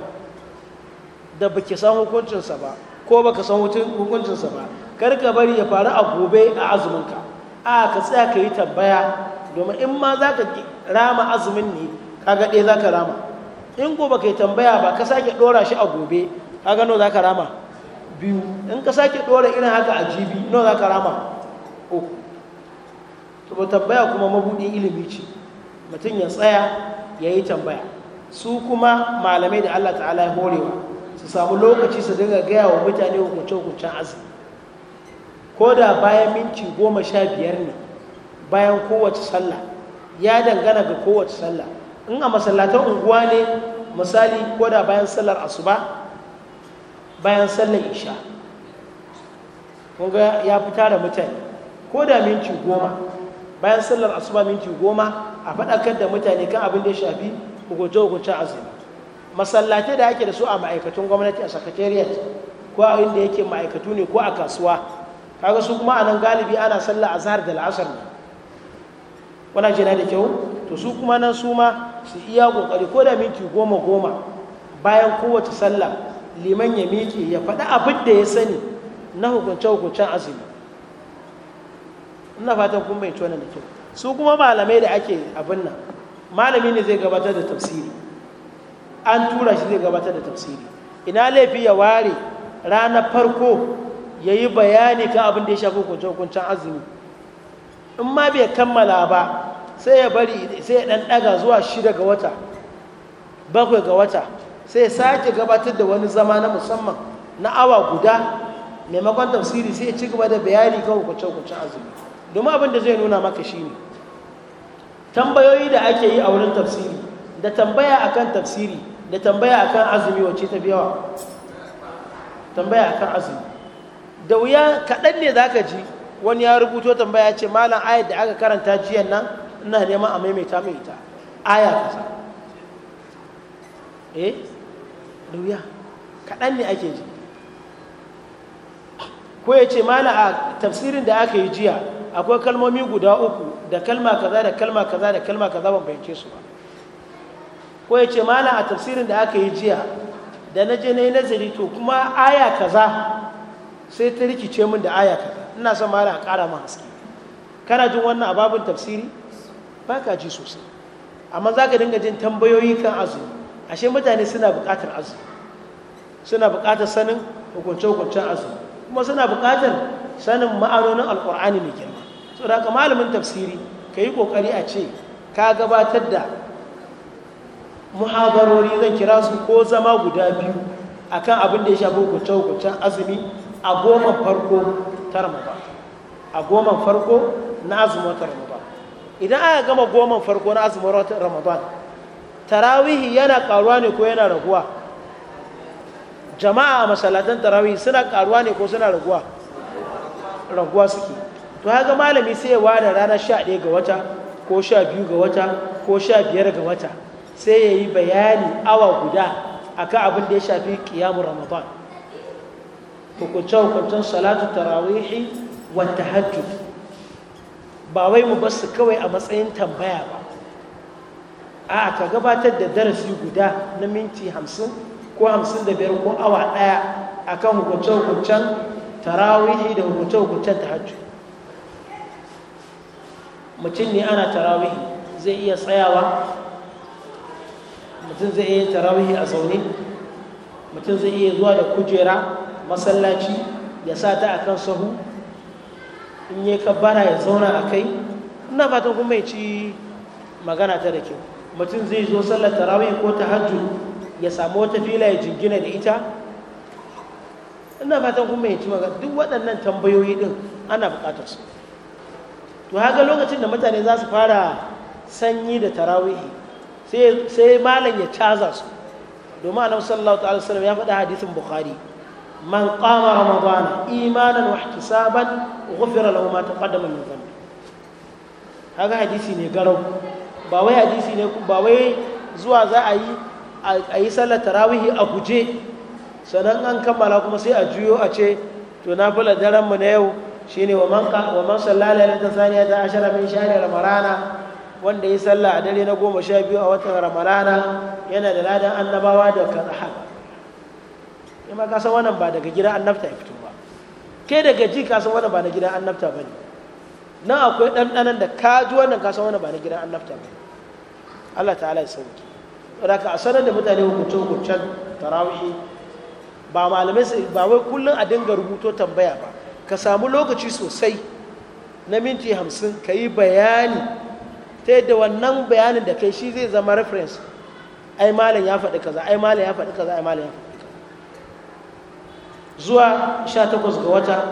S1: da ba ki san hukuncinsa ba ko ba san hukuncinsa ba kar ka bari ya faru a gobe a azuminka a ka tsaya ka yi tambaya domin in ma za ka rama azumin ne kaga ɗaya za ka rama in gobe kai tambaya ba ka sake dora shi a gobe kaga nawa ka rama biyu in ka sake dora irin haka a jibi nawa ka rama uku to ba tambaya kuma mabuɗin ilimi ce mutum ya tsaya ya yi tambaya su kuma malamai da Allah ta'ala ya horewa su samu lokaci su dinga gaya wa mutane hukuncin hukuncen azumi ko da bayan minti goma sha biyar ne bayan kowace sallah ya dangana ga kowace sallah in a masallatan unguwa ne misali ko da bayan sallar asuba bayan sallar isha kunga ya fita da mutane ko da minti goma bayan sallar asuba minti goma a faɗakar da mutane kan abin da ya shafi hukunce-hukuncen azumi masallatai da ake da su a ma'aikatun gwamnati a sakatariyar ko a inda yake ma'aikatu ne ko a kasuwa kaga su kuma a nan galibi ana sallar azhar da la'asar ne wana na da kyau to su kuma nan su ma su iya kokari ko da minti goma goma bayan kowace sallah liman ya miƙe ya faɗi abin da ya sani na hukunce hukuncen azumi ina fatan kun mai tona da kyau su kuma malamai da ake abin nan malami ne zai gabatar da tafsiri an tura shi zai gabatar da tafsiri ina laifi ya ware ranar farko ya yi bayani kan abin da ya shafi hukuncen hukuncen azumi in ma bai kammala ba sai ya bari sai ya dan daga zuwa shida ga wata bakwai ga wata sai ya sake gabatar da wani zama na musamman na awa guda maimakon tafsiri sai ya ci gaba da bayani kan hukuce-hukuce azumi domin abin da zai nuna maka shi ne tambayoyi da ake yi a wurin tafsiri da tambaya akan tafsiri da tambaya akan azumi wacce ta yawa tambaya akan azumi da wuya kaɗan ne za ka ji wani ya rubuto tambaya ce malam ayat da aka karanta jiyan nan ina neman a maimaita mai ita aya kaza eh duya kaɗan ne ake ji ko ya ce malam a tafsirin da aka yi jiya akwai kalmomi guda uku da kalma kaza da kalma kaza da kalma kaza ban fahimce su ba ko ya ce malam a tafsirin da aka yi jiya da na je na yi nazari to kuma aya kaza sai ta rikice min da aya kaza ina son ma a ƙara ma haske kana jin wannan a babun tafsiri ba ka ji sosai amma za ka dinga jin tambayoyi kan azumi ashe mutane suna buƙatar azumi suna buƙatar sanin hukunce-hukuncen azumi kuma suna buƙatar sanin ma'anonin alƙur'ani mai girma so da malamin tafsiri ka yi ƙoƙari a ce ka gabatar da muhabarori zan kira su ko zama guda biyu akan abin da ya shafi hukunce-hukuncen azumi a goma farko ta ramadan a goman farko na azumin watan ramadan idan aka gama goman farko na azumin watan ramadan tarawihi yana karuwa ne ko yana raguwa jama'a a masallatan tarawihi suna karuwa ne ko suna raguwa raguwa suke to haka malami sai ya da ranar sha ɗaya ga wata ko sha biyu ga wata ko sha biyar ga wata sai ya yi bayani awa guda akan abin da ya shafi kiyamun ramadan hukunce kwantan salatu tarawihi wa tahajjud ba wai mu basu kawai a matsayin tambaya ba a ka gabatar da darasi guda na minti hamsin ko hamsin da biyar ko awa ɗaya akan hukunce-hukuncen tarawihi da hukunce-hukuncen hajji mutum ne ana tarawihi zai iya tsayawa mutum zai iya tarawihi a zaune mutum zai iya zuwa da kujera masallaci ya sa ta a kan sahu in yi kabbara ya zauna a kai na fatan kuma ya ci magana ta da kyau mutum zai zo sallar tarawih ko ta hajju ya samu wata fila ya jingina da ita ina fatan kuma ya ci magana duk waɗannan tambayoyi ɗin ana buƙatar su to haka lokacin da mutane za su fara sanyi da tarawihi sai malam ya caza su domin annabi sallallahu alaihi wasallam ya faɗa hadisin bukhari من قام رمضان إيمانا واحتسابا غفر له ما تقدم من ذنبه هذا حديثي نقرأ باوي حديثي نقرأ باوي زوا ذا أي أي صلاة تراويه أبوجي sannan an kammala kuma sai a juyo a ce to na fula daren mu na yau shine wa man wa man sallala lailatul thaniya ta ashara min shahri ramadana wanda ya sallah a dare na goma sha biyu a watan ramarana yana da ladan annabawa da kan haka kai ma ka san wannan ba daga gidan annabta ya fito ba kai daga ji ka san wannan ba na gidan annabta ba ne nan akwai ɗanɗanan da ka ji wannan ka san wannan ba na gidan annabta ba ne Allah ta'ala ya sauke da ka a sanar da mutane hukunce hukuncen tarawihi ba malamai su ba wai kullum a dinga rubuto tambaya ba ka samu lokaci sosai na minti hamsin ka yi bayani ta yadda wannan bayanin da kai shi zai zama reference ai malam ya faɗi kaza ai malam ya faɗi kaza ai malam ya faɗi zuwa 18 ga wata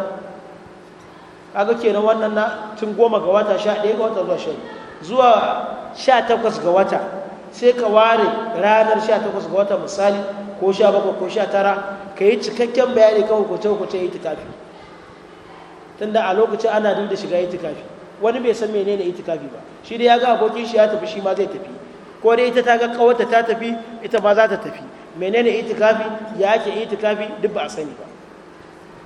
S1: kaga kenan wannan na tun goma ga wata 11 ga wata zuwa 10 zuwa 18 ga wata sai ka ware ranar 18 ga wata misali ko 17 ko 19 ka yi cikakken bayani kan hukuce-hukuce itikafi tunda a lokacin ana duk da shiga itikafi wani bai san menene itikafi ba shi dai ya ga abokin shi ya tafi shi ma zai tafi ko dai ita ta ga kawarta ta tafi ita ma za ta tafi menene itikafi ya ake itikafi duk ba a sani ba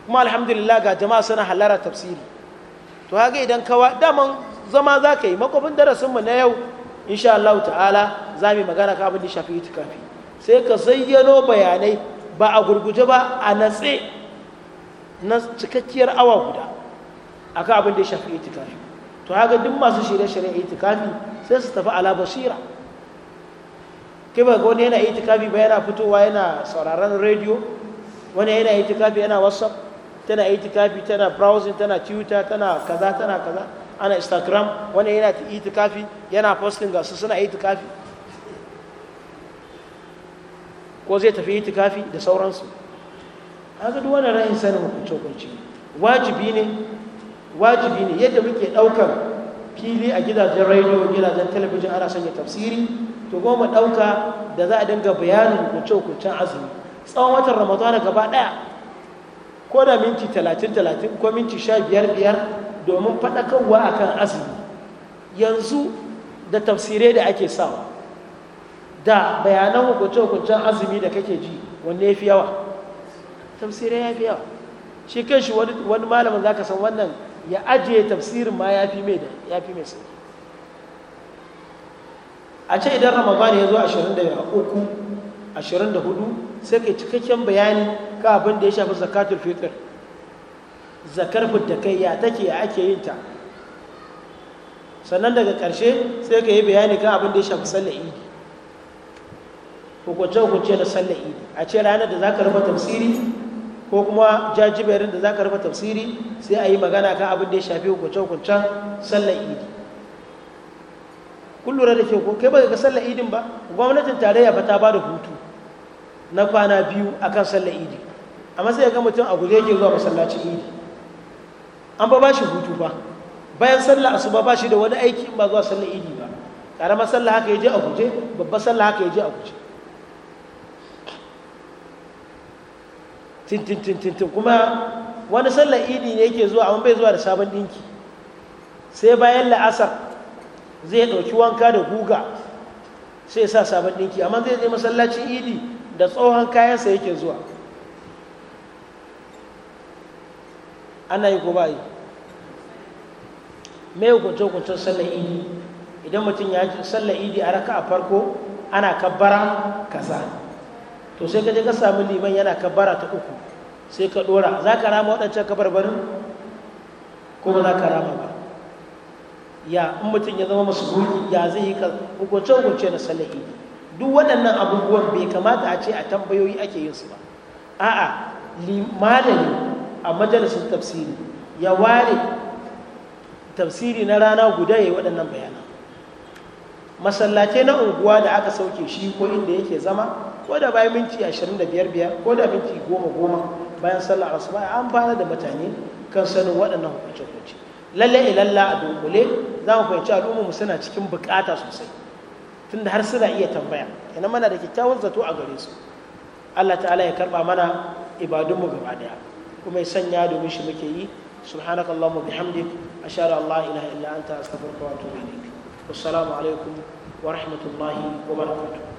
S1: kuma alhamdulillah ga jama'a suna halara tafsiri to haka idan kawa daman zama za ka yi makwabin darasinmu na yau insha Allah ta'ala za mu magana ka abin da shafi itikafi sai ka zayyano bayanai ba a gurguje ba a natse na cikakkiyar awa guda akan abin da ya shafi itikafi to haka duk masu shirye-shiryen itikafi sai su tafi ala basira Ka ga wani yana itikafi ba yana fitowa yana sauraron rediyo wani yana itikafi yana whatsapp tana itikafi tana browsing tana twitter tana kaza tana kaza ana instagram wani yana itikafi yana posting ga su suna itikafi ko zai tafi itikafi da sauransu haka duk wani rahin sanin hukunce hukunci wajibi ne wajibi ne yadda muke ɗaukar fili a gidajen rediyo gidajen talabijin ana sanya tafsiri to goma ɗauka da za a dinga bayanin hukunce hukuncin azumi tsawon watan ramadana gaba ɗaya ko da minti talatin talatin ko minti sha biyar biyar domin faɗakarwa akan azumi yanzu da tafsirai da ake sawa da bayanan hukunce-hukuncen azumi da kake ji wanne ya fi yawa tafsirai ya fi yawa shi kan shi wani malamin za ka san wannan ya ajiye tafsirin ma ya fi mai da ya fi mai sauki a ce idan ramadan ya zo 23 24 sai ke cikakken bayani ka abin da ya shafi zakatul fitr zakar fitakai kai ya take ya ake yin ta sannan daga ƙarshe sai ka yi bayani kan abin da ya shafi sallar idi hukunce-hukunce da sallar idi a ce ranar da za ka rufe tafsiri ko kuma jajiberin da za ka rufe tafsiri sai a yi magana kan abin da ya shafi hukunce-hukuncen sallar idi kun lura da ke ko kai ba ga sallar idin ba gwamnatin tarayya ba ta ba da hutu na kwana biyu akan sallar idi amma matsayin ga mutum a guje yake zuwa masallacin idi an ba ba shi hutu ba bayan sallar asuba ba shi da wani aiki ba zuwa sallar idi ba karamar sallar haka ya je a guje babbar sallar haka ya je a guje tintintintintin kuma wani sallar idi ne yake zuwa amma bai zuwa da sabon dinki sai bayan la'asar zai ɗauki wanka da guga sai sa sabon dinki amma zai je masallacin idi da tsohon kayansa yake zuwa ana yi ko ba yi me hukunce-hukuncen sallar idi idan mutum ya ji sallar idi a raka a farko ana kabbara kasa to sai ka je ka samu liman yana kabbara ta uku sai ka dora za ka rama waɗancan kabarbarin ko ba za ka rama ba ya in mutum ya zama masu ya zai yi hukunce-hukunce na sallar idi duk waɗannan abubuwan bai kamata a ce a tambayoyi ake yin su ba a'a malami a majalisun tafsiri ya ware tafsiri na rana guda ya yi waɗannan bayanan masallatai na unguwa da aka sauke shi ko inda yake zama ko da bayan minti 25 ko da minti 10 bayan sallar asuba an bana da mutane kan sanin waɗannan hukunce-hukunce lalle ilalla a dunkule za mu fahimci al'ummu suna cikin bukata sosai tunda har suna iya tambaya ina mana da kyakkyawan zato a gare su Allah ta'ala ya karba mana ibadunmu gaba daya kuma ya sanya domin shi muke yi سبحانك اللهم وبحمدك أشهد أن لا إله إلا أنت أستغفرك وأتوب إليك والسلام عليكم ورحمة الله وبركاته